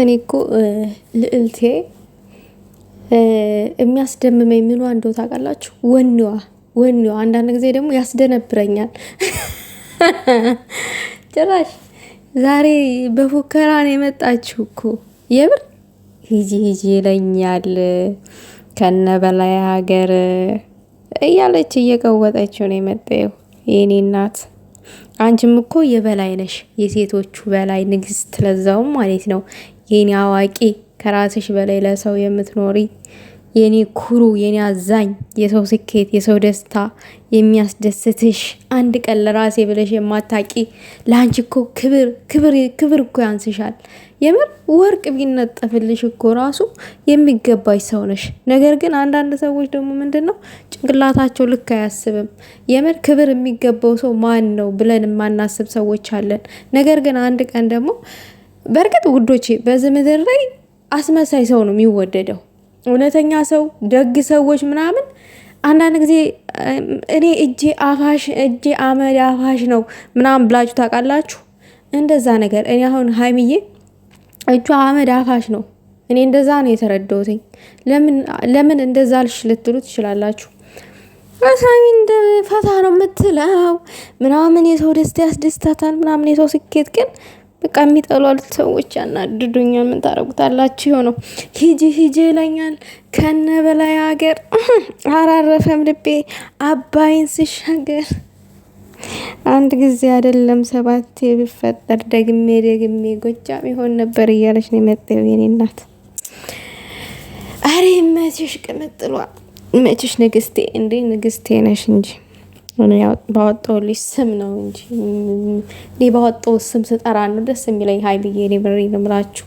እኔ እኮ ልዕልቴ የሚያስደምመኝ ምኗ እንደው ታውቃላችሁ? ወኔዋ ወኔዋ። አንዳንድ ጊዜ ደግሞ ያስደነብረኛል። ጭራሽ ዛሬ በፉከራ ነው የመጣችሁ እኮ የብር ሂጂ ሂጂ ይለኛል ከነ በላይ ሀገር እያለች እየቀወጠችው ነው የመጣው። የኔ እናት አንቺም እኮ የበላይ ነሽ፣ የሴቶቹ በላይ ንግስት፣ ለዛውም ማለት ነው የኔ አዋቂ፣ ከራስሽ በላይ ለሰው የምትኖሪ፣ የኔ ኩሩ፣ የኔ አዛኝ፣ የሰው ስኬት፣ የሰው ደስታ የሚያስደስትሽ፣ አንድ ቀን ለራሴ ብለሽ የማታቂ፣ ለአንቺ እኮ ክብር ክብር ክብር እኮ ያንስሻል። የምር ወርቅ ቢነጠፍልሽ እኮ ራሱ የሚገባሽ ሰው ነሽ። ነገር ግን አንዳንድ ሰዎች ደግሞ ምንድን ነው ጭንቅላታቸው ልክ አያስብም። የምር ክብር የሚገባው ሰው ማን ነው ብለን የማናስብ ሰዎች አለን። ነገር ግን አንድ ቀን ደግሞ በእርግጥ ውዶቼ በዚህ ምድር ላይ አስመሳይ ሰው ነው የሚወደደው። እውነተኛ ሰው፣ ደግ ሰዎች ምናምን አንዳንድ ጊዜ እኔ እጄ አፋሽ እጄ አመድ አፋሽ ነው ምናምን ብላችሁ ታውቃላችሁ። እንደዛ ነገር እኔ አሁን ሀይሚዬ እጇ አመድ አፋሽ ነው። እኔ እንደዛ ነው የተረዳሁትኝ። ለምን እንደዛ ልሽ ልትሉ ትችላላችሁ። ሀይሚ እንደ ፈታ ነው የምትለው ምናምን የሰው ደስታ ያስደስታታል ምናምን የሰው ስኬት ግን በቃ የሚጠሏል ሰዎች ያናድዱኛል። ምን ታረጉታላችሁ? የሆነው ሂጂ ሂጂ ይለኛል ከነ በላይ ሀገር አራረፈም ልቤ አባይን ስሻገር አንድ ጊዜ አይደለም ሰባት ቢፈጠር ደግሜ ደግሜ ጎጃም ይሆን ነበር እያለች ነው የመጣው የኔ እናት። አሬ መቼሽ ቅምጥሏ መቼሽ ንግስቴ እንዴ ንግስቴ ነሽ እንጂ ባወጣው ልጅ ስም ነው እንጂ እኔ ባወጣው ስም ስጠራ ነው ደስ የሚለኝ። ሀይሚዬ ብሬ ነው የምላችሁ።